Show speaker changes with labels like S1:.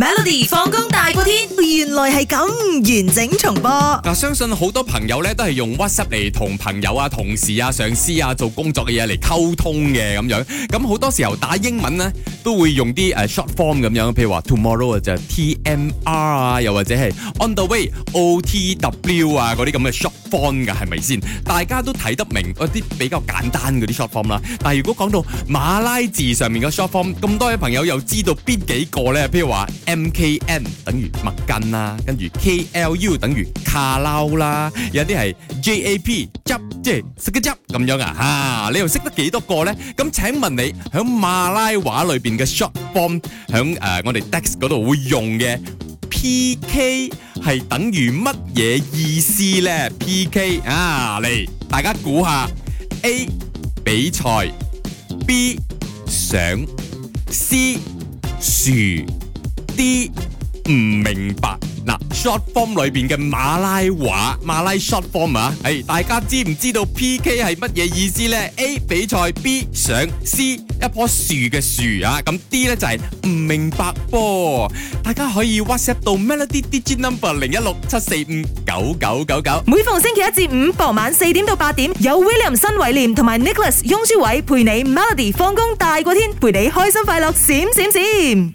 S1: Melody 放工大過天，原來係咁完整重播。
S2: 嗱、啊，相信好多朋友咧都係用 WhatsApp 嚟同朋友啊、同事啊、上司啊做工作嘅嘢嚟溝通嘅咁樣。咁、嗯、好多時候打英文咧都會用啲誒、uh, short form 咁樣，譬如話 tomorrow 就係 T M R 啊，又或者係 on the way O T W 啊嗰啲咁嘅 short 方嘅係咪先？大家都睇得明嗰啲、呃、比較簡單嗰啲 short form 啦。但係如果講到馬拉字上面嘅 short form，咁多位朋友又知道邊幾個呢？譬如話 MKN 等於麥根啦，跟住 KLU 等於卡撈啦，有啲係 JAP 執，即係識得一執咁樣啊！嚇、啊，你又識得幾多個呢？咁請問你喺馬拉話裏邊嘅 short form 喺誒、呃、我哋 Dex 嗰度會用嘅？P K 係等於乜嘢意思咧？P K 啊，嚟大家估下，A 比賽，B 想，C 樹，D。唔明白嗱，short form 裏邊嘅馬拉話馬拉 short form 啊，誒，大家知唔知道 PK 係乜嘢意思呢？A 比賽，B 上，C 一棵樹嘅樹啊，咁 D 呢，就係唔明白噃。大家可以 whatsapp 到 Melody digit number 零一六七四五九九九九。
S1: 每逢星期一至五傍晚四點到八點，有 William 新偉廉同埋 Nicholas 雍舒偉陪你 Melody 放工大過天，陪你開心快樂閃閃閃。閃閃閃